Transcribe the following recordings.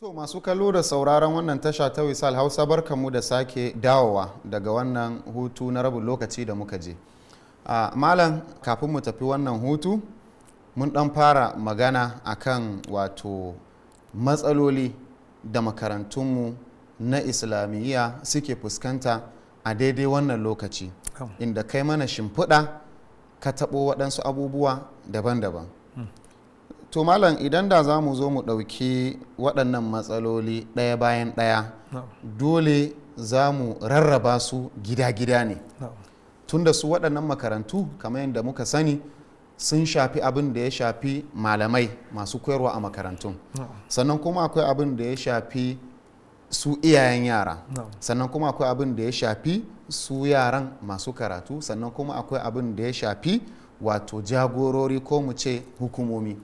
To masu kallo da sauraron wannan tasha ta Wisal Hausa barkamu da sake dawowa daga wannan hutu na rabin lokaci da muka je. Malam kafin mu tafi wannan hutu mun dan fara magana akan wato matsaloli da makarantunmu na islamiyya suke fuskanta a daidai wannan lokaci inda kai mana shimfiɗa ka taɓo waɗansu abubuwa daban-daban. to malam idan da za mu zo mu ɗauki waɗannan matsaloli ɗaya bayan ɗaya dole za mu rarraba su gida-gida ne tunda su waɗannan makarantu kamar yadda muka sani sun shafi abin da ya shafi malamai masu koyarwa a makarantun sannan kuma akwai abin da ya shafi su iyayen yara sannan kuma akwai abin da ya shafi su yaran masu karatu sannan kuma akwai abin da ya shafi wato jagorori ko mu ce hukumomi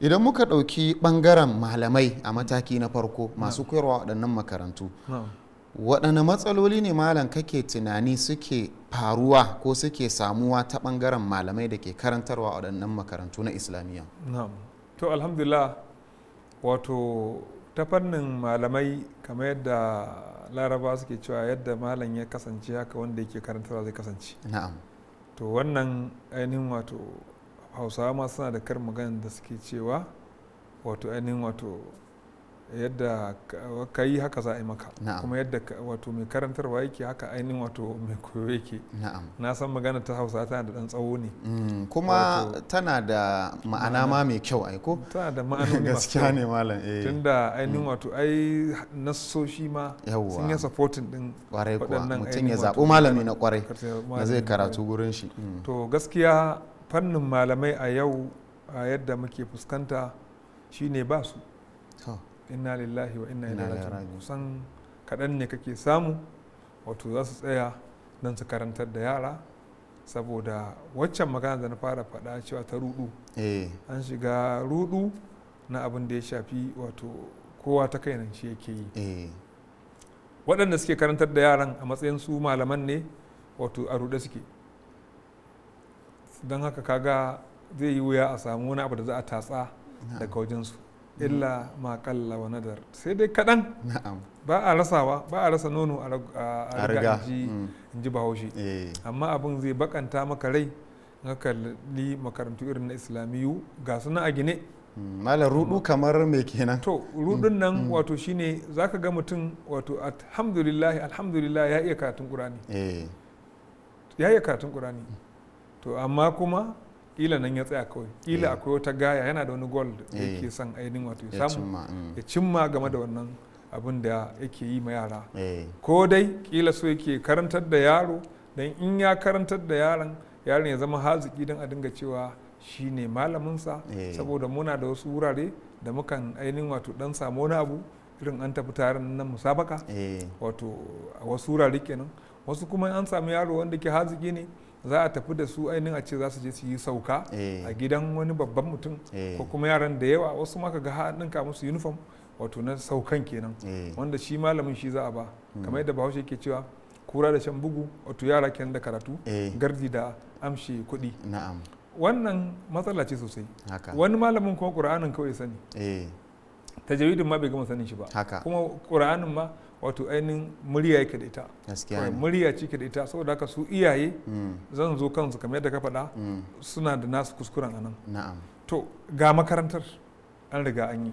idan muka ɗauki ɓangaren malamai a mataki na farko masu koyarwa waɗannan makarantu waɗanne matsaloli ne malam kake tunani suke faruwa ko suke samuwa ta ɓangaren malamai da ke karantarwa waɗannan makarantu na islamiyya to alhamdulillah wato ta fannin malamai kamar yadda laraba suke cewa yadda malam ya kasance haka wanda yake karantarwa zai kasance na'am to wannan ainihin wato hausawa ma suna da kar magana da suke cewa wato ainihin wato yadda ka yi haka za a yi maka kuma yadda wato mai karantarwa yake haka ainihin wato mai koyo yake na san magana ta hausa tana da dan tsawo ne mm, kuma tana da ma'ana ma mai kyau ai ko tana da ma'ana gaskiya ne malam eh tunda ainihin mm. wato ai nasoshi ma sun yi supporting din kwarai kuwa mutum ya zaɓi malami na kwarai Na zai karatu gurin shi mm. to gaskiya fannin malamai a yau a yadda muke fuskanta shine ba su inna lillahi wa inna ilaihi raji'un kusan kaɗan ne kake samu wato za su tsaya don su karantar da yara saboda waccan magana da na fara faɗa cewa ta rudu eh. an shiga rudu na abin da ya shafi wato kowa ta kai nan shi yake yi eh. waɗanda suke karantar da yaran a matsayin su malaman ne wato a rude suke don haka kaga zai yi wuya a samu wani abu da za a tatsa daga wajensu illa ma kalla wa nadar sai dai kaɗan ba a rasawa ba a rasa nono a riga in ji mm. bahaushe eh. amma abin zai bakanta maka rai ga kalli makarantu irin na islamiyu ga suna a gine mm, malar rudu mm. kamar me kenan to rudun nan wato shine zaka ga mutum wato alhamdulillah alhamdulillah ya iya karatun qur'ani eh. ya iya karatun qur'ani to amma kuma kila nan ya tsaya kawai kila eh. akwai wata gaya yana da wani gwal da eh. yake son ainihin wato ya samu mm. ya cimma game da wannan abin da yake yi ma yara eh. ko dai kila so yake karantar da yaro Dan in ya karantar da yaron yaron ya zama haziki don a dinga cewa shi ne malaminsa saboda muna da wasu wurare da mukan ainihin wato dan samu wani abu irin an tafi taron nan musabaka wato a wasu wurare kenan wasu kuma an samu yaro wanda ke haziki ne za a tafi da su ainihin a ce za su je su yi sauka eh. a gidan wani babban mutum eh. ko kuma yaran da yawa wasu maka ga haɗin ka musu uniform wato na saukan kenan eh. wanda shi malamin shi za a ba hmm. kamar yadda bahaushe ke cewa kura da shan bugu wato yara kenan da karatu gardi da amshe kuɗi wannan matsala ce sosai wani malamin kuma ƙura'anin kawai sani tajawidin ma bai gama sanin shi ba kuma ƙura'anin ma wato ainihin murya yake da ita murya ce ke da ita saboda haka su iyaye hmm. zan zo kansu kamar yadda ka faɗa hmm. suna da nasu kuskuren anan to ga makarantar an riga an yi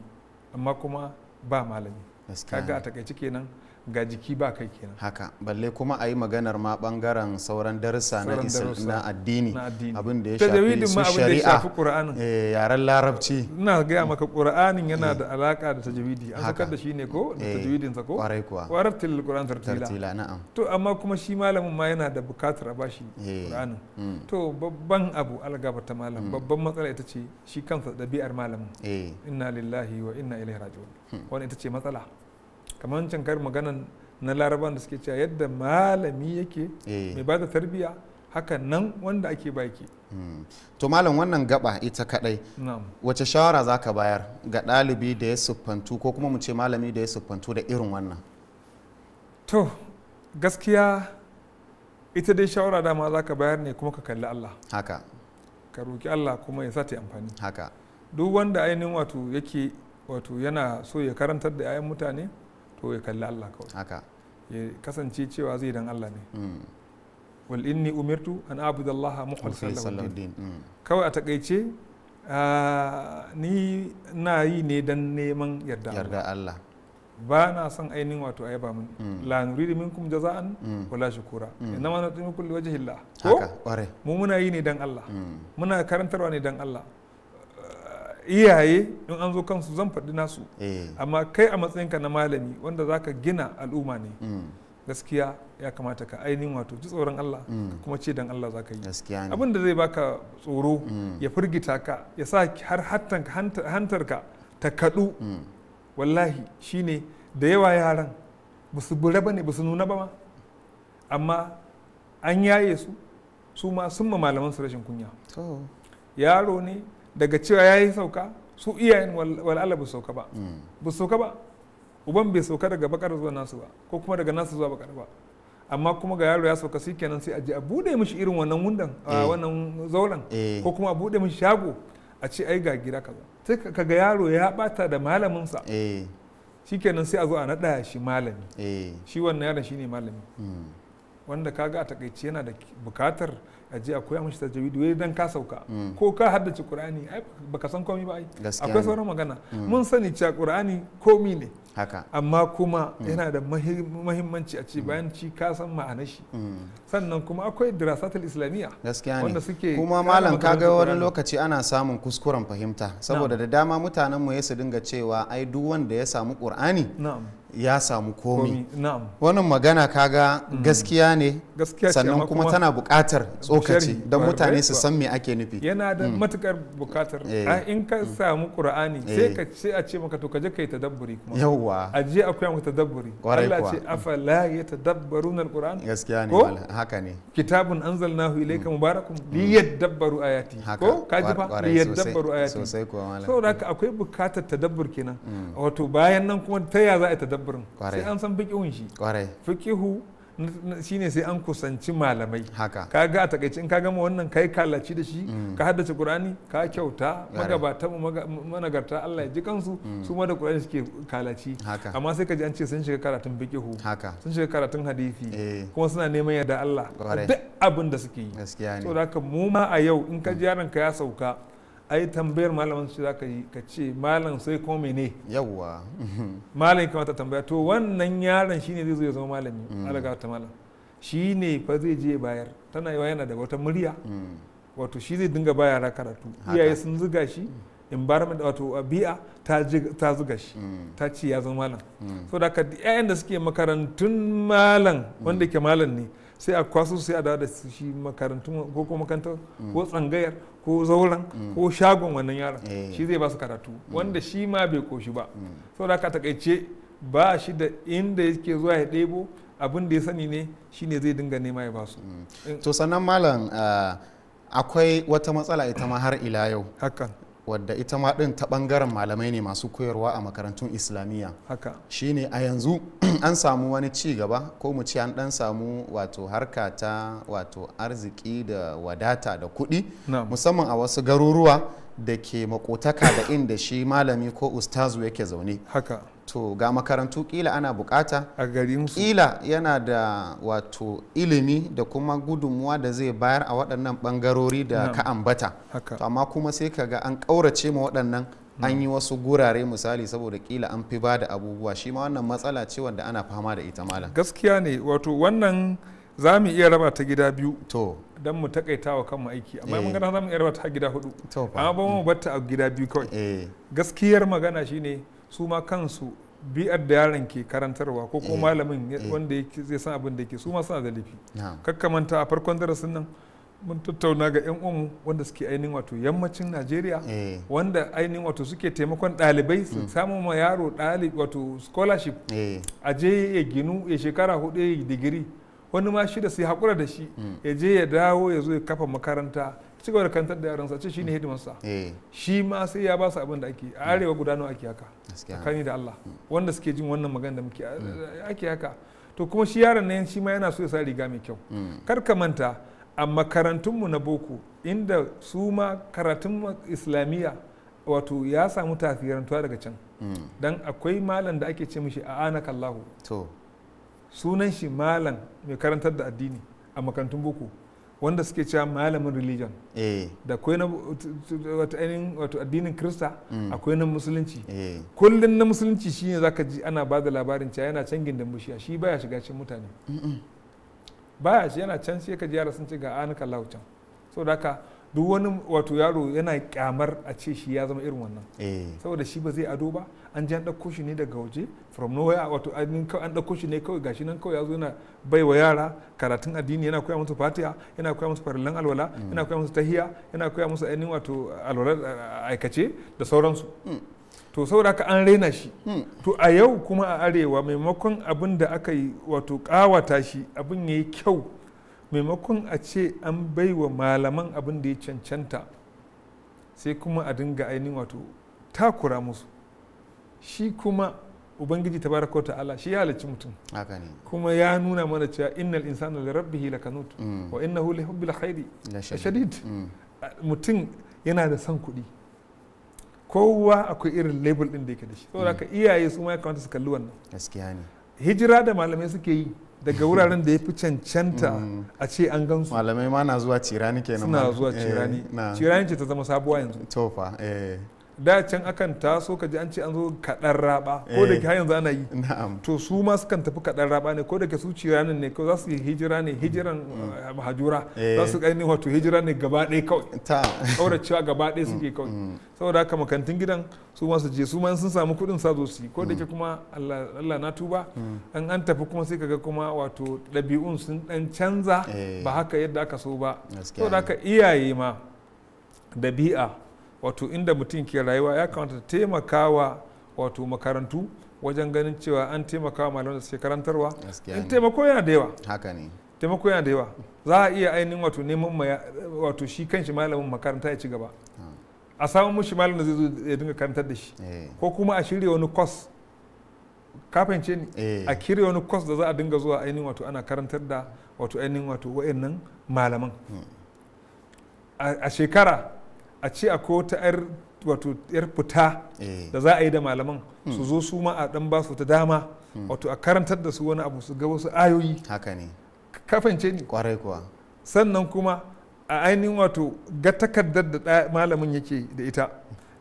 amma kuma ba malami kaga a takaice kenan ga jiki ba kai kenan haka balle kuma a yi maganar ma bangaren sauran darussa na na addini abin da ya shafi su shari'a eh, yaren larabci ina gaya maka qur'anin yana eh. da alaka da tajwidi an sakar da shi ne ko da eh, tajwidin sa ko kwarai kuwa tilil qur'an tartila na'am to amma kuma shi malamin ma yana da bukatar a bashi qur'anin mm. to babban abu algaba ta malam mm. babban matsala ita ce shi kansa dabi'ar malamin inna lillahi wa inna ilaihi raji'un hmm. wannan ita ce matsala kamar wancan kar maganan na laraban da suke cewa yadda malami yake eh. mai ba da tarbiyya Haka nan wanda ake baki hmm. to malam wannan gaba ita kadai wace shawara za ka bayar ga ɗalibi da ya siffantu ko kuma mu ce malami da ya siffantu da irin wannan to gaskiya ita dai shawara dama za ka bayar ne kuma ka kalli allah haka ka roki allah kuma ya sa ta amfani haka duk wanda ainihin wato yake wato yana so ya karantar da 'ya'yan mutane to ya kalli Allah kawai haka ya kasance cewa zai dan Allah ne hmm. wal inni umirtu an abudu Allah mukhlishan lahu din hmm. kawai a takaice ni na yi ne dan neman yarda yarda Allah ba na son ainihin wato a yaba mun hmm. la nuridu minkum jaza'an wala shukura inma nutimukum liwajhi Allah ko mu muna yi ne dan Allah muna karantarwa ne dan Allah iyaye in mm. an zo kansu zan faɗi nasu eh. amma kai a matsayinka na malami wanda zaka gina al'umma ne mm. gaskiya ya kamata ka ainihin wato ji tsoron Allah mm. kuma ce dan Allah zaka yi abin da zai baka tsoro ya firgita ka ya sa har hantar hantarka ta kaɗu wallahi shine da yawa yaran ba su bura ba ne ba su nuna ba ma amma an yaye su su ma sun ma malaman su rashin kunya yaro ne daga cewa ya yi sauka su iyayen wal'ala ba sauka ba hmm. ba sauka ba uban bai sauka daga bakar zuwa nasu ba ko kuma daga nasu zuwa bakar ba amma kuma ga yaro ya sauka shi kenan sai a je a bude mishi irin wannan wundan a eh. wannan zauren eh. ko kuma a bude mishi shago a ce ai ga gida kaza sai ka ga yaro ya bata da malaminsa eh. shi kenan sai a zo a naɗa shi malami shi wannan yaron shine malami hmm. wanda kaga a takaice yana da bukatar a akwai a koya mishi wai dan ka sauka ko ka haddace qur'ani ai baka san komi ba ai akwai sauran magana mm. mun sani cewa qur'ani komi ne haka amma kuma mm. yana da mahimmanci a ce mm. bayan ci ka san ma'anar shi sannan kuma akwai dirasatul islamiyya gaskiya ne suke kuma malam ka ga wani lokaci ana samun kuskuren fahimta saboda da dama mutanen mu ya su dinga cewa ai duk wanda ya samu qur'ani ya samu komi wannan magana kaga mm. gaskiya ne sannan kuma tana buƙatar tsokaci don mutane su san me ake nufi yana da mm. matukar buƙatar eh. in ka mm. samu qur'ani sai eh. ka ce a ce maka to kaje kai tadabburi kuma yawwa a je akwai maka tadabburi Allah ce afala yatadabbaruna alquran gaskiya ne haka ne kitabun anzalnahu ilayka mubarakun liyadabbaru ayati ko kaji fa liyadabbaru ayati sosai kuwa malam saboda akwai bukatar tadabbur kenan wato bayan nan kuma ta ya za a tadabburin sai an san shi shi shine sai an kusanci malamai haka ga a takaice ka gama wannan kai kalaci da shi mm. ka haddace qur'ani ka kyauta magabata managarta Allah ya ji kansu mm. su ma da qur'ani suke kalaci amma sai ka ji an ce sun shiga karatun fiqhu sun shiga karatun hadisi eh. kuma suna neman yarda Allah duk abin da suke yi saboda mu ma a yau in ka ji yaron ka ya sauka ai tambayar malamin su za ka yi ka ce malam sai ko mene yawwa malam ya kamata tambaya to wannan yaron shine zai zo ya zama malami mm. alaga ta malam shine fa zai je bayar tana yawa yana da wata murya mm. wato shi zai dinga bayar yara karatu iyaye sun zuga shi mm. environment wato bi'a ta zuga shi ta ce ya zama malam so da ka 'ya'yan da suke makarantun malam wanda ke malam ne sai a kwaso sai a dawo da shi makarantun ko kuma makarantar ko tsangayar ko zauren mm. ko shagon wannan yaron eh. shi zai ba su karatu mm. wanda shi ma bai koshi ba mm. saboda haka takaice ba shi da inda yake zuwa ya ɗebo abin da ya sani ne shine zai dinga nema ya basu. Eh. to sannan malam ah, akwai wata matsala ita ma har ila yau hakan wadda ita ma din ta bangaren malamai ne masu koyarwa a makarantun islamiyya shine a yanzu an samu wani ci gaba ko mu ce an dan samu wato harka ta wato arziki da wadata da kuɗi musamman a wasu garuruwa da ke makotaka da inda shi malami ko ustazu yake zaune to ga makarantu kila ana bukata a garin su kila yana da wato ilimi da kuma gudunmuwa da zai bayar a waɗannan bangarori da ka ambata to amma kuma sai ka ga an ƙaurace ma waɗannan an yi wasu gurare misali saboda kila an fi ba da abubuwa shi ma wannan matsala ce wanda ana fama da ita malam gaskiya ne wato wannan za mu iya raba ta gida biyu to don mu takaita wa kanmu aiki amma mun eh. gana za mu iya raba ta gida hudu amma ba mu batta a gida biyu kawai eh. gaskiyar magana shine su ma kansu bi'ar da yaron ke karantarwa ko ko eh. malamin eh. wanda zai san abin da ke su ma suna da laifi kakkamanta a farkon darasin nan mun tattauna ga 'yan uwanmu wanda suke ainihin wato yammacin najeriya eh. wanda ainihin wato suke taimakon ɗalibai su hmm. samu ma yaro ɗalibi wato scholarship a je ya ginu ya shekara hudu ya yi digiri wani ma shida sai haƙura da shi hmm. ya je ya dawo ya zo ya kafa makaranta ci gaba da kantar da yaransa ce shine hidimarsa eh. shi ma sai ya ba su abin da ake a arewa guda nawa ake haka tsakani da Allah mm. wanda suke jin wannan magana da muke mm. ake haka to kuma shi yaron nan shi ma yana so ya sa riga mai kyau mm. kar ka manta a makarantunmu na boko inda su ma karatun islamiyya wato ya samu tafiyarantuwa daga can dan akwai malam da ake ce mishi a anakallahu sunan shi malam mai karantar da addini a makarantun boko wanda suke cewa malamin religion eh. da akwai na wato addinin krista mm. akwai na musulunci eh. kullum na musulunci shine zaka ji ana ba da labarin cewa yana can gindin bushiya shi baya shiga cikin mutane baya shi yana can sai ka ji yara sun ce ga anaka laucan can saboda haka duk wani wato yaro yana kyamar a ce shi ya zama irin wannan eh. saboda shi ba zai ado ba an ji an ɗauko shi ne daga waje from nowhere wato an ɗauko shi ne kawai gashi nan kawai ya zo yana bai wa yara karatun addini yana koya musu fatiha yana koya musu farillan alwala mm. yana koya musu tahiya yana koya musu ainihin wato alwala aikace da sauransu mm. to saboda haka an raina shi mm. to a yau kuma a arewa maimakon abin da aka yi wato kawata shi abin ya yi kyau maimakon a ce an baiwa malaman abin da ya cancanta sai kuma a dinga ainihin wato takura musu shi kuma ubangiji ta ta'ala shi ya halicci mutum kuma ya nuna mana cewa innal insana li rabbihi lakanut mm. wa innahu li hubbil khairi shadid mm. mutum yana da son kuɗi kowa akwai irin label din da yake da shi mm. saboda haka iyaye su ma ya kamata su kalli wannan gaskiya ne hijira da malamai suke yi daga wuraren da ya fi cancanta a ce an gan su. malamai ma na zuwa cirani kenan suna zuwa cirani eh, cirani ce ta zama sabuwa yanzu tofa eh da can akan taso ka ji an ce an zo kaɗan raba ko da eh. ke har yanzu ana yi to su ma sukan tafi kaɗan raba ne ko da ke su ranar ne ko za su yi hijira ne hijiran mm. eh, hajura eh. za su ƙaini wato hijira ne gaba ɗaya kawai saboda cewa gaba ɗaya suke mm, kawai mm. saboda haka makantin gidan su ma su je su ma sun samu kuɗin sa zo su yi ko da ke kuma Allah na tuba an an tafi kuma sai kaga kuma wato ɗabi'un sun ɗan canza ba haka yadda aka so ba saboda haka iyaye ma dabi'a wato inda mutum ke rayuwa ya kamata taimakawa wato makarantu wajen ganin cewa an taimakawa malaman da suke karantarwa in taimako yana da yawa haka ne taimako yana da yawa za a iya ainihin wato neman wato shi kanshi malamin makaranta ya ci gaba ah. a samun mushi malamin da zai zo ya dinga karantar da shi eh. ko kuma a shirya wani kwas kafin ce ne eh. a kirya wani kwas da za a dinga zuwa ainihin wato ana karantar da wato ainihin wato wa'annan malaman hmm. a shekara a ce akwai wata 'yar wato 'yar fita eh. da za a yi da malaman hmm. su zo su ma a dan ba su ta dama hmm. wato a karantar da su wani abu su ga wasu ayoyi haka ne kafance ne kwarai kuwa sannan kuma a ainihin wato ga takardar da malamin yake da ita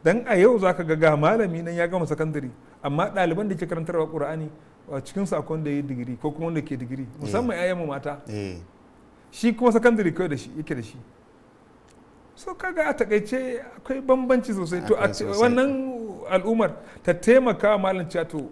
dan a yau zaka ga ga malami nan ya gama sakandare amma ɗaliban da ke karantarwa ƙur'ani a cikin sakon da ya digiri ko kuma wanda ke digiri eh. musamman 'ya'yan mata eh. shi kuma sakandare kawai da shi yake da shi so kaga a takaice akwai bambanci sosai to wannan al'ummar ta taimaka malam cewa to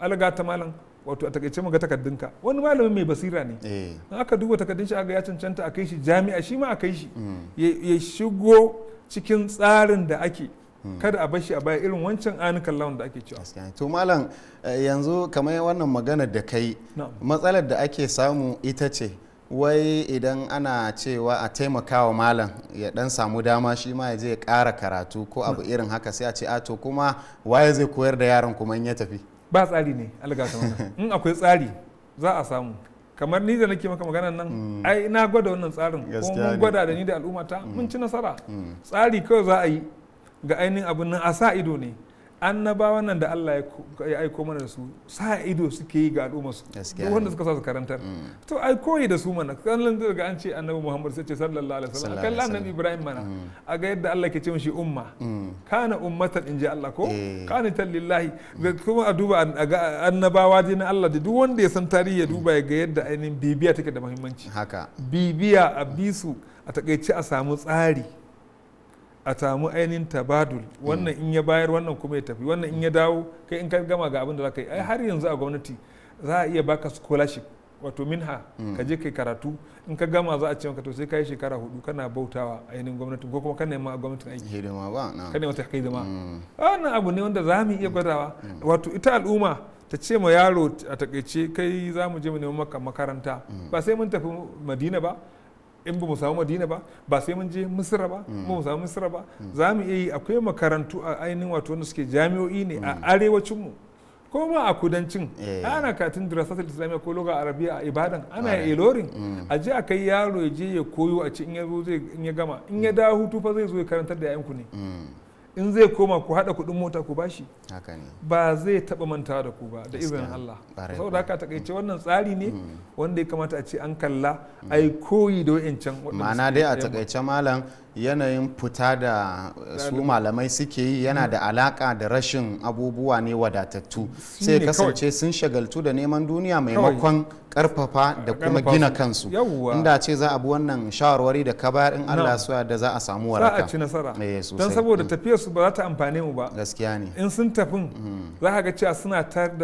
alaga ta malam wato a takaice mu ga takaddunka wani malamin mai basira ne eh. in aka duba takaddun shi aga ya cancanta a kai shi jami'a shi ma a kai shi hmm. ya shigo cikin tsarin da ake hmm. kada a bashi a baya irin wancan anukan lawan da ake cewa to malam eh, yanzu kamar wannan maganar da kai matsalar da ake samu ita ce wai idan ana cewa a taimakawa malam ya dan samu dama shi ma ya je ya karatu ko abu mm. irin haka sai a ce a kuma waye zai koyar da yaron kuma in ya tafi ba tsari ne alga in akwai tsari za a samu kamar ni da nake maka magana nan mm. ai na gwada wannan tsarin ko mun gwada da ni da al'umma ta mun mm. ci nasara tsari kawai za a yi ga ainihin abin nan a sa ido ne annabawan nan da Allah ya aiko mana su sa ido suke yi ga al'umma su wanda suka sa su karantar mm. to ai koyi da su mana kallon ga an ce annabi Muhammad sai ce sallallahu alaihi wasallam akan annabi Ibrahim mana mm. a ga yadda Allah ke ce mishi umma mm. kana ummatan inji Allah ko kana eh. lillahi kuma a duba annabawa na Allah da duk wanda ya san tarihi ya duba ya ga yadda ainihin bibiya take da muhimmanci haka bibiya a bisu a takaice a samu tsari a samu ainihin tabadul wannan in ya bayar wannan kuma ya tafi wannan in ya dawo kai in ka gama ga abin da za ka yi ai har yanzu a gwamnati za a iya baka scholarship wato minha mm. ka je kai karatu in ka gama za a ce maka to sai ka yi shekara hudu kana bautawa ainihin gwamnati. ko kuma kana ma gwamnatin aiki hidima ba na kana mata hidima mm. wannan abu ne wanda za mu iya gwadawa mm. wato ita al'umma ta ce ma yaro a takaice kai za mu je mu neman makaranta ba sai mun tafi madina ba in ba mu samu madina ba ba sai mun je misira ba mm. ba mu samu misira ba mm. za mu iya yi akwai makarantu a ainihin wato wanda suke jami'o'i ne a mm. arewacin mu ko ma a kudancin eh. ana katin ta islamiyya ko loga arabiya a ibadan ana ya ilorin a je a kai yaro ya je ya koyo a ci in ya zo zai in gama in ya dawo hutu fa zai zo ya karantar da yayan ku ne in zai koma ku haɗa kuɗin mota ku bashi ba zai taɓa manta da ku ba da izinin Allah saboda haka takaice wannan tsari ne mm. wanda ya kamata a ce an kalla ai koyi da wa'ancan ma'ana dai a takaice malam yanayin fita da su malamai suke yi yana da alaka da rashin abubuwa ne wadatattu sai kasance sun shagaltu da neman duniya maimakon karfafa da kuma gina kansu inda ce za a bi wannan shawarwari da ka bayar in Allah suwa da za a samu waraka za a ci nasara eh, don saboda mm. tafiyar su ba za ta amfane mu ba gaskiya ne in sun tafin mm. za ka ga cewa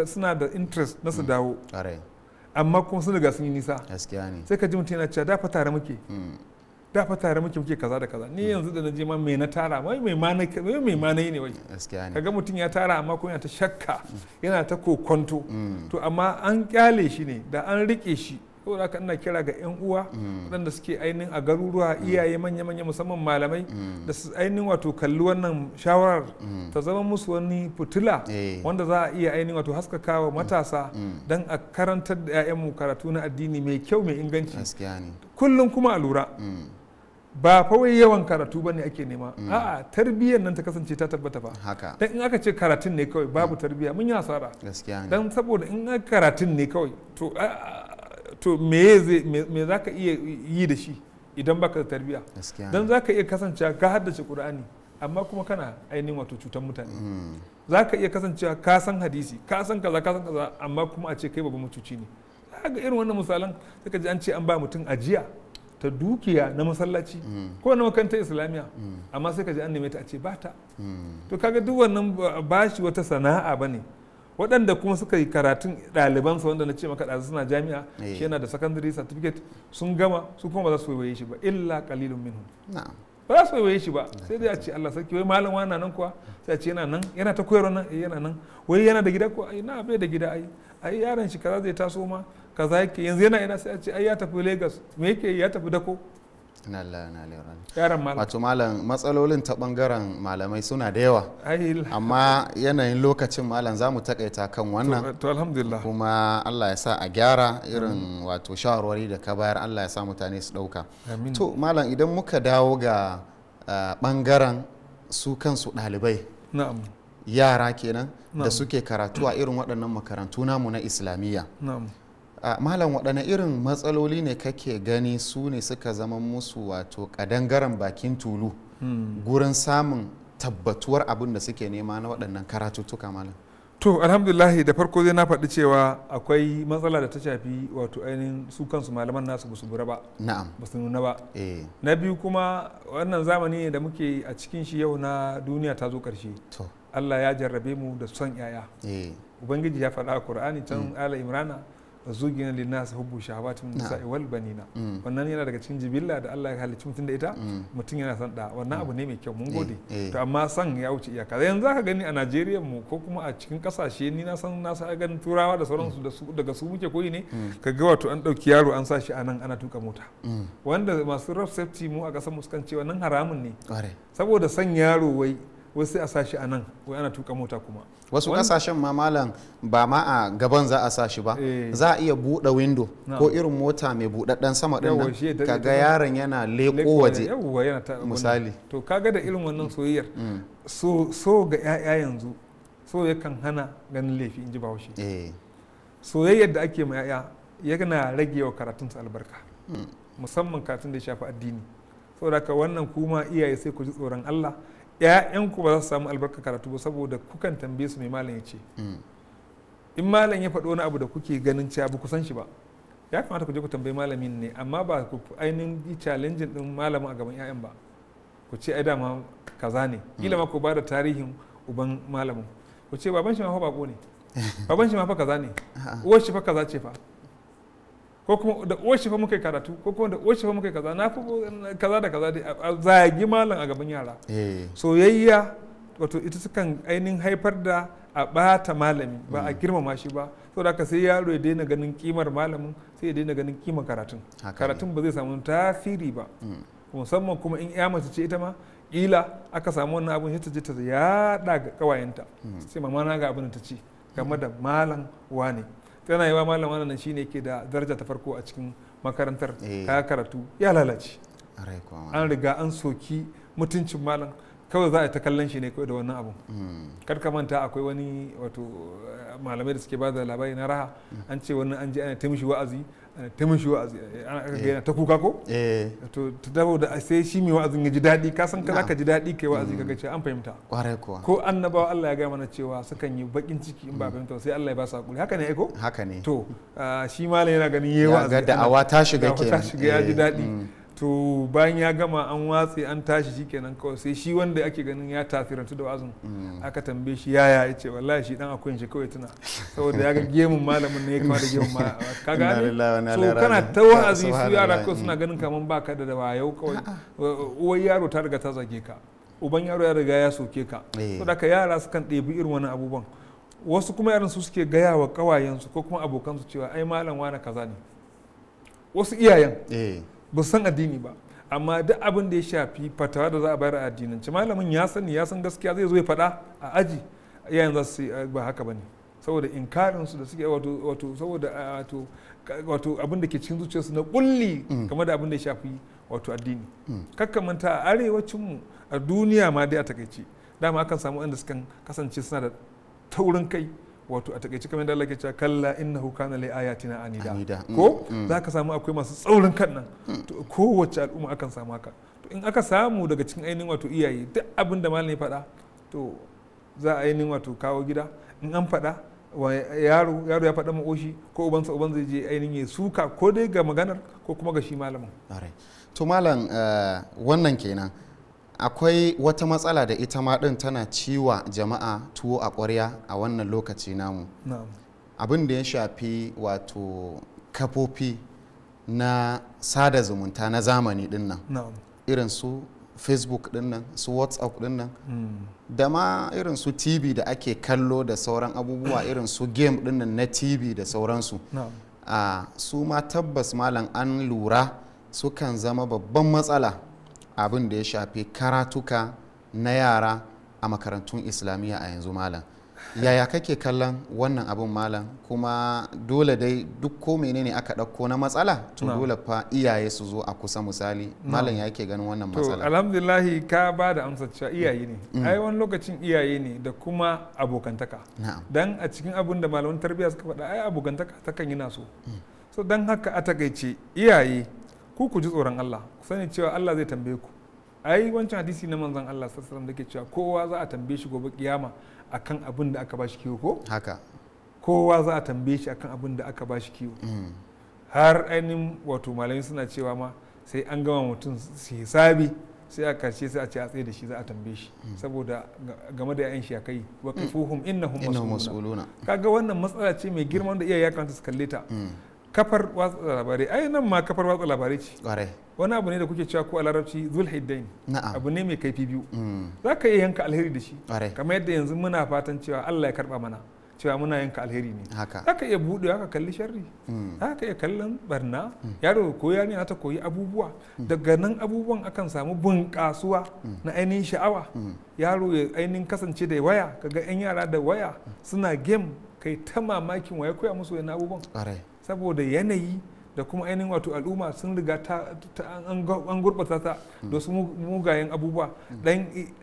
suna da interest na su mm. dawo amma kuma sun riga sun yi nisa gaskiya ne sai ka ji mutum yana cewa da fa tare muke da fa tare muke muke kaza da kaza ni hmm. yanzu da naje ma me na tara ma me ma na me ma na ne wai kaga mutum ya tara amma kuma yana ta shakka hmm. yana ta kokonto hmm. to amma an kyale shi ne da an rike shi saboda haka ina kira ga yan uwa waɗanda suke ainihin a garuruwa iyaye manya manya musamman malamai da su ainihin wato kalli wannan shawarar ta zama musu wani fitila eh. wanda za a iya ainihin wato wa matasa dan a karantar da 'ya'yanmu karatu na addini mai kyau mai inganci kullum kuma a lura ba fawai yawan karatu bane ake nema mm. a'a tarbiyyar nan ta kasance ta tabbata ba. haka dan in aka ce karatun ne kawai babu mm. tarbiyya mun yi asara gaskiya ne dan saboda in aka karatun ne kawai to to me zai me zaka iya yi da shi idan baka da tarbiyya gaskiya dan zaka iya kasance ka haddace qur'ani amma kuma kana ainihin wato cutar mutane mm. zaka iya kasancewa ka san hadisi ka san kaza ka san kaza amma kuma a ce kai babban mutuci ne ga irin wannan misalan sai ka ji an ce an ba mutum ajiya ta dukiya na masallaci mm. ko na makanta islamiyya mm. amma sai ka ji an neme ta a ce ba ta mm. to kaga duk wannan bashi wata sana'a ba ne waɗanda kuma suka yi karatun ɗalibansa wanda na ce maka ɗazu suna jami'a eh. shi yana da secondary certificate sun gama su kuma ba za su waiwaye shi ba illa qalilun minhum ba za su waiwaye shi ba sai dai a ce Allah sarki wai malam wa nan kuwa sai a ce yana nan yana ta koyarwa nan eh, yana nan wai yana da gida ko ai na bai da gida ai ai yaron shi kaza zai taso ma kaza yake yanzu yana ina sai a ce ai ya tafi Lagos me yake ya tafi dako wato malam matsalolin ta bangaren malamai suna da yawa amma yanayin lokacin malam za mu takaita kan wannan kuma allah ya sa a gyara irin wato shawarwari da ka bayar allah ya sa mutane su dauka to malam idan muka dawo ga bangaren eh, su kansu ɗalibai yara kenan da suke karatu a irin waɗannan makarantu namu na islamiyya malam waɗanne irin matsaloli ne kake gani su ne suka zama musu wato ƙadangaren bakin tulu hmm. gurin samun tabbatuwar abin da suke nema na waɗannan karatuttuka malam to alhamdulahi da farko zai na faɗi cewa akwai matsala da ta shafi wato ainihin su kansu malaman nasu ba su bura ba na'am ba su nuna ba eh. na biyu kuma wannan zamani ne da muke a cikin shi yau na duniya ta zo ƙarshe Allah ya jarrabe mu da son yaya eh. ubangiji ya faɗa a Qur'ani can hmm. ala imrana zugina linnas hubbu shahabatin nisa'i wal banina mm. wannan yana daga cikin jibilla da Allah ya halicci mutum da ita mm. mutum yana son da wannan mm. abu ne mai kyau mun eh, gode eh. to amma san ya wuce iyaka yanzu zaka gani a Najeriya mu ko kuma a cikin kasashe ni na san na sa ganin turawa da sauransu daga su muke koyi ne ka ga wato an dauki yaro an sashi shi a ana tuka mota wanda masu rough safety mu a kasar mu sukan cewa nan haramun ne saboda san yaro wai wasu sai a sashi a nan wai ana tuka mota kuma wasu kasashen ma malam ba ma a gaban za a sashi ba eh. za a iya buɗe windo ko irin mota mai buɗaɗɗen sama ɗin nan kaga yaron yana leko waje misali to kaga da irin wannan soyayyar mm. so ga 'ya'ya yanzu so yakan hana ganin laifi in ji bahaushe eh. soyayyar da ake ma 'ya'ya yana rage wa karatunsa albarka mm. musamman karatun da ya shafi addini saboda haka wannan kuma iyaye sai ku ji tsoron Allah ku ba za su samu albarka karatu ba saboda kukan tambaye su mai malam ya ce hmm. in malam ya faɗo wani abu da kuke ganin cewa ba ku san shi ba ya kamata ku je ku tambayi malamin ne amma ba ku ainihin yi challenging din malamin a gaban 'ya'yan ba ku ce ai dama kaza ne hmm. kila ma ku ba da tarihin uban malamin ku ce baban shi ma fa bako ne baban shi ma fa kaza ne uwar shi fa kaza ce fa ko kuma da oshe fa muka yi karatu ko kuma da oshe fa muka yi kaza na fi kaza da kaza dai a zagi malam a gaban yara eh. soyayya wato ita sukan ainihin haifar da a bata malami ba a mm. girmama shi ba da ka sai yaro ya daina ganin kimar malamin sai ya daina ganin kimar karatun karatun ba zai samu tasiri ba mm. musamman kuma in ya mace ce ita ma ila aka samu wannan abin sai ta je ta yaɗa ga kawayenta sai mm. mama na ga abin ta ce game da malam wane tana yi wa malam wannan ne ke da daraja ta farko a cikin makarantar ka eh. karatu ya lalace an riga an soki mutuncin malam kawai za a yi ta kallon shi ne kawai da wannan abu. Hmm. kar ka manta akwai wani wato eh, malamai da suke ba da labari na raha hmm. an ce wannan an je ana ta mishi wa'azi Eh, ta mun shi wa'azi eh, ana ta kuka ko eh. to ta dawo da sai shi mai wa'azin ya ji daɗi ka san ka ji daɗi kai wa'azi kaga mm. cewa an fahimta kwarai kuwa ko annabawa Allah ya ga mana cewa sukan yi bakin ciki in ba mm. fahimta sai Allah ya ba su hakuri haka ne ai ko haka ne to ah, shi malam yana ganin yayi wa'azi ga da'awa ta shiga kenan ta shiga ya ji daɗi mm. to bayan ya gama an watse an tashi shikenan kawai sai shi wanda ake ganin ya tasirantu da wazin mm. aka tambaye shi yaya ya ce wallahi shi dan akwai shi kawai tuna saboda ya ga gemun malamin ne ya kama da gemun malamin kaga ne so kana ta wa'azi su yara kawai mm. suna ganin kaman ka da wayau kawai uwar yaro ta riga ta zage ka uban yaro ya riga ya soke ka eh. saboda ka yara sukan ɗebi irin wani abubuwan wasu kuma yaran su suke gaya wa kawayensu ko kuma abokansu cewa ai malam wani kaza ne wasu iyayen eh. ba san addini ba amma duk abin da ya shafi fatawa da za a bayar a addinance malamin ya sani ya san gaskiya zai zo ya faɗa a aji yayin za su ba haka ba ne saboda inkarin su da suke wato saboda wato abin da ke cikin zuciyarsu na kulli mm. game da abin da ya shafi wato addini mm. kakkamanta a arewacin mu a duniya ma dai a takaice dama akan samu wanda sukan kasance suna da taurin kai wato a takaice kamar da Allah ke cewa kalla innahu kana li ayatina anida mm. ko mm. za ka samu akwai masu tsaurin kan nan mm. kowace al'umma akan samu haka to in aka samu daga cikin ainihin wato iyaye duk abin da malami faɗa to za a ainihin wato kawo gida in an faɗa yaro yaro ya faɗa makoshi ko ubansa uban zai je ainihin ya suka ko dai ga maganar ko kuma ga shi malamin to malam eh, wannan kenan akwai wata matsala da ita ma ɗin tana ciwa jama'a tuwo a ƙwarya a wannan lokaci namu abin da ya shafi wato kafofi na sada zumunta na zamani ɗin nan irin su facebook ɗin nan su whatsapp ɗin nan hmm. da ma irin su tv da ake kallo da sauran abubuwa irin su game ɗin nan na tv da sauransu ah, su ma tabbas malam an lura sukan zama babban matsala abin da ya shafi karatuka na yara a makarantun islamiyya a yanzu malam yaya kake kallon wannan abin malam kuma dole dai duk ko menene aka ɗauko na matsala to dole fa iyaye su zo a kusa misali malam ya ke ganin wannan matsala to alhamdulillahi ka ba da amsa cewa iyaye ne mm. ai wani lokacin iyaye ne da kuma abokantaka dan a cikin abin da malaman tarbiyya suka faɗa ai abokantaka kan yi naso mm. so dan haka a takaice iyaye ku ku ji tsoron Allah ku sani cewa Allah zai tambaye ku ai wancan hadisi na manzon Allah sallallahu alaihi ke cewa kowa za a tambaye shi gobe kiyama akan abin da aka bashi kiwo ko haka kowa za a tambaye shi akan abin da aka bashi kiwo mm. har ainihin wato malamai suna cewa ma sai an gama mutum su hisabi sai a karshe sai a ce a tsaye da shi za a tambaye shi mm. saboda game da yayan shi ya kai mm. wa kafuhum innahum mas'uluna kaga wannan matsala ce mai girman da iyaye ya kamata su kalle ta kafar watsa labarai ai nan ma kafar watsa labarai ce wani abu ne da kuke cewa ko a larabci zulhiddain abu ne mai kaifi biyu mm. za ka iya yanka alheri da shi kamar yadda yanzu muna fatan cewa Allah ya karba mana cewa muna yanka alheri ne za ka iya buɗe ka kalli sharri mm. za ka iya kallon barna mm. yaro ko yarinya ta koyi abubuwa daga nan abubuwan akan samu bunƙasuwa na ainihin sha'awa yaro ya ainihin kasance da waya kaga 'yan yara da waya suna game kai ta mamakin waya koya musu wani abubuwan saboda yanayi da kuma ainihin wato al'umma sun riga ta an gurbata ta da wasu mugayen abubuwa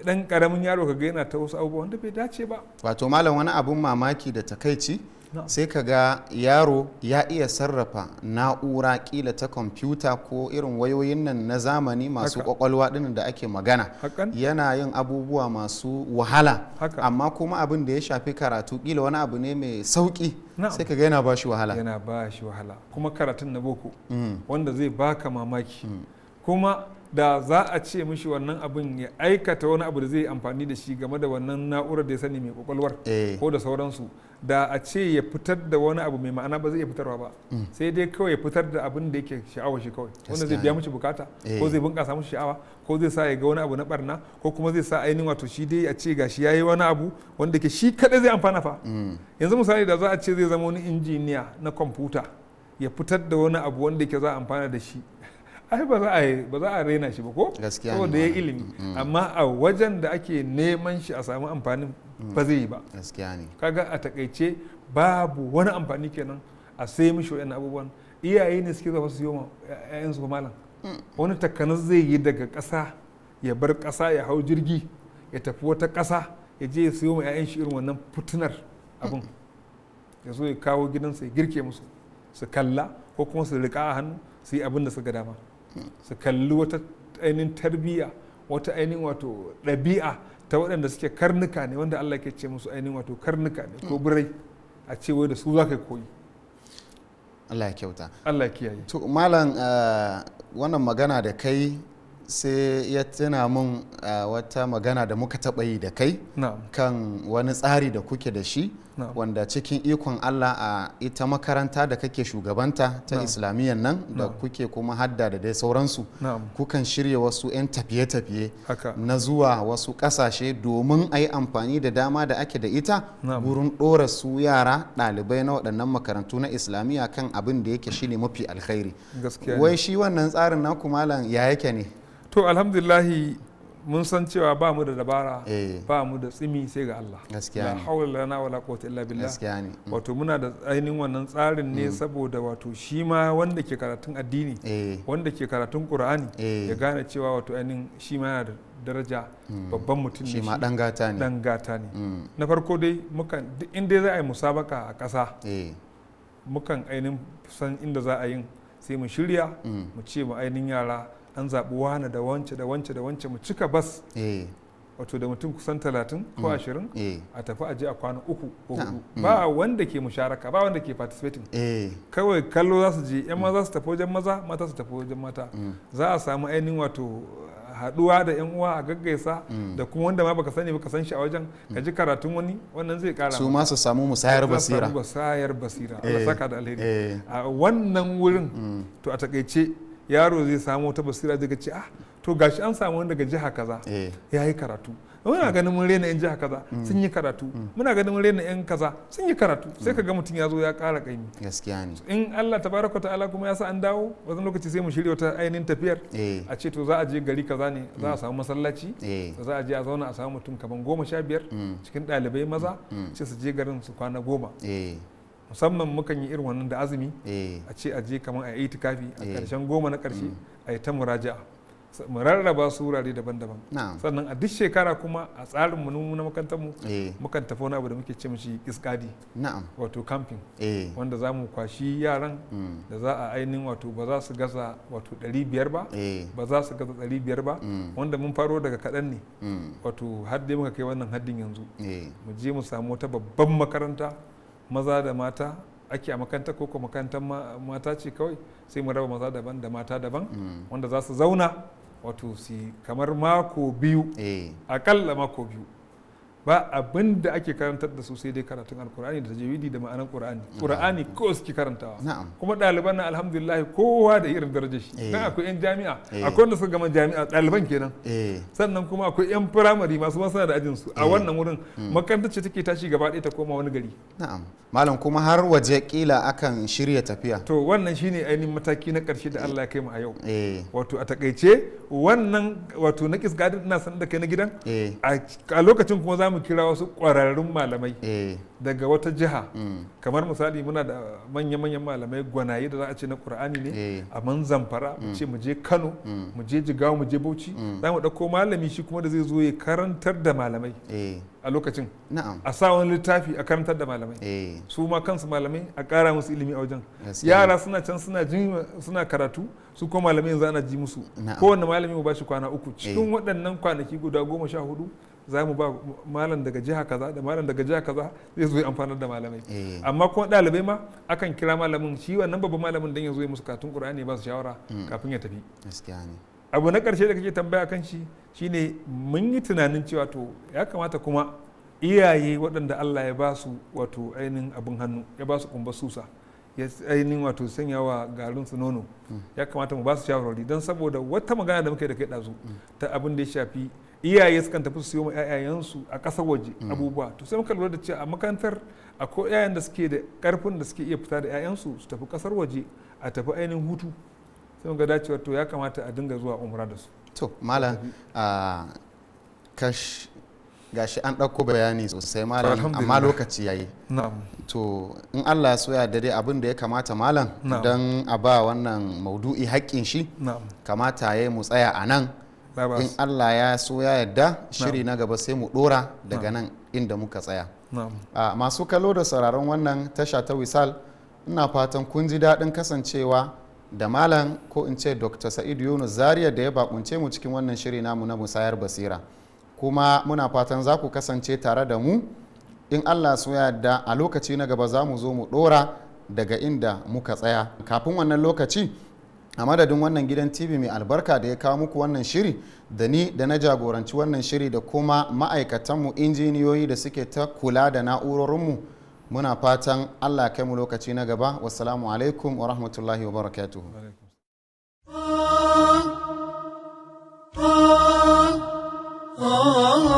dan karamin yaro kaga yana ta wasu abubuwa wanda bai dace ba wato malam wani abun mamaki da takaici sai ka ga yaro ya iya sarrafa na'ura kila ta kwamfuta ko irin wayoyin nan na zamani masu kwakwalwa ɗin da ake magana yana yin abubuwa masu wahala amma kuma abin da ya shafi karatu kila wani abu ne mai sauki sai ka ga yana ba shi wahala yana ba shi wahala kuma karatun na boko mm. wanda zai baka mamaki mm. kuma da za a ce mishi wannan abin ya aikata wani abu da zai amfani da shi game da wannan na'urar da ya sani mai kwakwalwar eh. ko da sauransu da a ce ya fitar da wani abu mai ma'ana ba zai iya fitarwa ba mm. sai dai kawai ya fitar da abin da yake sha'awar shi kawai wanda zai biya mishi bukata eh. ko zai bunƙasa mishi sha'awa ko zai sa ya ga wani abu na barna ko kuma zai sa ainihin wato shi dai a ce gashi yayi wani abu wanda ke shi kadai zai amfana fa mm. yanzu misali da za a ce zai zama wani injiniya na kwamfuta ya fitar da wani abu wanda yake za a amfana da shi ai ba za a ba za a raina shi ba ko saboda ya ilimi mm, mm. amma a wajen da ake neman shi a samu amfanin ba zai yi ba gaskiya ne kaga a takaice babu wani amfani kenan a sai mishi wa'annan abubuwan iyaye ne suke zama su yi wa 'ya'yansu su malam mm. wani takanas zai yi daga ƙasa ya bar ƙasa ya hau jirgi ya tafi wata ƙasa ya je ya siyo ma 'ya'yan shi irin wannan fitinar abin ya zo ya kawo gidansa ya girke musu su kalla ko kuma su riƙa a hannu su yi abin da suka dama su kalli wata ainihin tarbiyya wata ainihin wato ɗabi'a ta waɗanda suke karnuka ne wanda Allah ke ce musu ainihin wato karnuka ne ko birai a ce wai da su za ka koyi Allah ya kyauta Allah ya kiyaye to malam eh, wannan magana da kai sai ya tuna mun wata magana da muka taɓa yi da kai kan wani tsari da kuke da shi wanda cikin ikon Allah a ita makaranta da kake shugabanta ta islamiyyar nan da kuke kuma hadda da dai sauransu kukan shirya wasu 'yan tafiye-tafiye na zuwa wasu kasashe domin a yi amfani da dama da ake da ita wurin ɗora su yara ɗalibai na waɗannan makarantu na islamiyya kan abin da yake ne mafi alkhairi wai shi wannan tsarin naku malam ya yake ne to alhamdulillahi mun san cewa ba mu da dabara eh. ba mu da tsimi sai ga Allah la haula lana wala quwwata illa billah mm. wato muna da ainihin wannan tsarin ne mm. saboda wato shi ma wanda ke karatun addini eh. wanda ke karatun Qur'ani eh. ya gane cewa wato ainihin shi ma yana da daraja mm. babban mutum ne shi ma dan gata ne dan gata ne na farko dai mukan inda za a yi musabaka a ƙasa mukan ainihin san inda za a yi sai mu shirya mu ce mu ainihin yara an zaɓi wane da wance da wance da wance mu cika bas eh. wato da mutum kusan talatin ko mm. ashirin eh. a tafi aje a kwana uku ko hudu mm. ba wanda ke musharaka ba wanda ke participating eh. kawai kallo za su je yan maza su tafi wajen maza mata su tafi wajen mata mm. za a samu ainihin wato haduwa da yan uwa a gaggaisa da kuma wanda ma baka sani baka san shi a wajen ka ji karatun wani wannan zai kara su ma su samu musayar basira musayar basira Allah saka da alheri a wannan wurin to a takaice yaro zai samu wata basira daga ce ah to gashi an samu wani daga jiha kaza eh. ya yi karatu muna hmm. ganin mun rena yan jiha kaza hmm. sun yi karatu hmm. muna ganin mun rena yan kaza sun yi karatu sai ka ga mutum ya zo ya kara kaimi gaskiya ne in Allah tabaraka ta'ala kuma ya sa an dawo wani lokaci sai mu shirya wata ainihin tafiyar eh. a ce to za a je gari kaza ne za a samu masallaci eh. za a je a zauna a samu mutum kaman goma sha biyar cikin ɗalibai maza Ce su je garin su kwana goma musamman mukan yi irin wannan da azumi eh. a ce a je kamar a yi tukafi a karshen eh. goma na karshe mm. a yi ta muraja'a mu rarraba su wurare daban-daban sannan a duk shekara kuma a tsarin mu na makarantar mu eh. mukan tafi wani abu da muke ce mishi iskadi wato camping wanda za mu kwashi yaran mm. da za a ainihin wato ba za su gasa wato 500 ba ba za su gasa 500 ba mm. wanda mun faro daga kaɗan ne wato har dai muka kai wannan haddin yanzu mu je mu samu wata babban makaranta maza da mata ake a makanta ko ko makantar mata ce kawai sai mu raba maza daban da mata daban mm. wanda za su zauna wato su kamar mako biyu eh. akalla mako biyu ba abin da ake karantar da su sai dai karatun alkur'ani da tajwidi da ma'anar qur'ani qur'ani ko suke karantawa kuma ɗaliban nan alhamdulillah kowa da irin darajar shi eh. akwai yan jami'a eh. akwai wanda suka gama jami'a ɗaliban kenan eh. sannan kuma akwai yan firamare masu masana da ajin su a wannan wurin hmm. makarantar ce take tashi gaba ɗaya ta koma wani gari na'am malam kuma har waje kila akan shirya tafiya to wannan shine ainihin mataki na ƙarshe da Allah ya kai mu a yau wato a takaice wannan wato na kisgadin ina sanar da kai na gidan a lokacin kuma zamu mu kira wasu ƙwararrun malamai eh. daga wata jiha mm. kamar misali muna da manya-manyan malamai gwanaye da za a ce na ƙur'ani ne eh. a man zamfara mu mm. ce mu je kano mm. mu je jigawa mu je bauchi za mu ɗauko malami shi kuma da zai zo ya karantar da malamai eh. a lokacin a sa wani littafi a karantar da malamai su ma kansu malamai a ƙara musu ilimi a wajen yara suna can suna karatu su ko malamai yanzu ana ji musu kowane malami mu ba shi kwana uku cikin waɗannan kwanaki guda goma sha hudu za mu ba malam daga jiha kaza da malam daga jiha kaza zai zo amfanar da malamai eh. amma kuma ɗalibai ma akan kira malamin shi wannan babban malamin dan ya zo ya musu katun qur'ani ba su shawara mm. kafin ya tafi abu na ƙarshe da kake tambaya kan shi shine mun yi tunanin cewa to ya kamata kuma iyaye waɗanda Allah ya ba su wato ainihin abin hannu ya ba su kumbar susa ya ainihin wato sanya wa garin su nono mm. ya kamata mu ba su shawarwari don saboda wata magana da muke da kai ɗazu mm. ta abin da ya shafi iyaye sukan tafi su siyo ma yayayensu a ƙasar waje mm. abubuwa to sai muka lura da cewa a makarantar akwai yayan da suke da karfin da suke iya fita da ƴaƴansu su tafi ƙasar waje a tafi ainihin hutu sai muka dacewa to ya kamata a dinga zuwa umra da su to mala kash gashi an ɗauko bayani sosai malam amma lokaci yayi to in Allah ya soya da dai abin da ya kamata malam don a ba wannan maudu'i haƙƙin shi kamata ya yi mu tsaya a nan in Allah ya so ya yadda shiri na gaba sai mu dora daga nan inda muka tsaya masu kalo da sauraron wannan tasha ta wisal ina fatan kun ji daɗin kasancewa da malam ko in ce dr sa'id yunus Zariya da ya bakunce mu cikin wannan shiri namu na musayar basira kuma muna fatan za ku kasance tare da mu in allah so yadda a lokaci na gaba za mu zo mu dora daga inda muka tsaya kafin wannan lokaci a madadin wannan gidan tv mai albarka da ya kawo muku wannan shiri da ni da na jagoranci wannan shiri da kuma ma'aikatanmu injiniyoyi da suke ta kula da na'urorinmu muna fatan allah kai mu lokaci na gaba wasalamu alaikum wa rahmatullahi wa barakatuhu Oh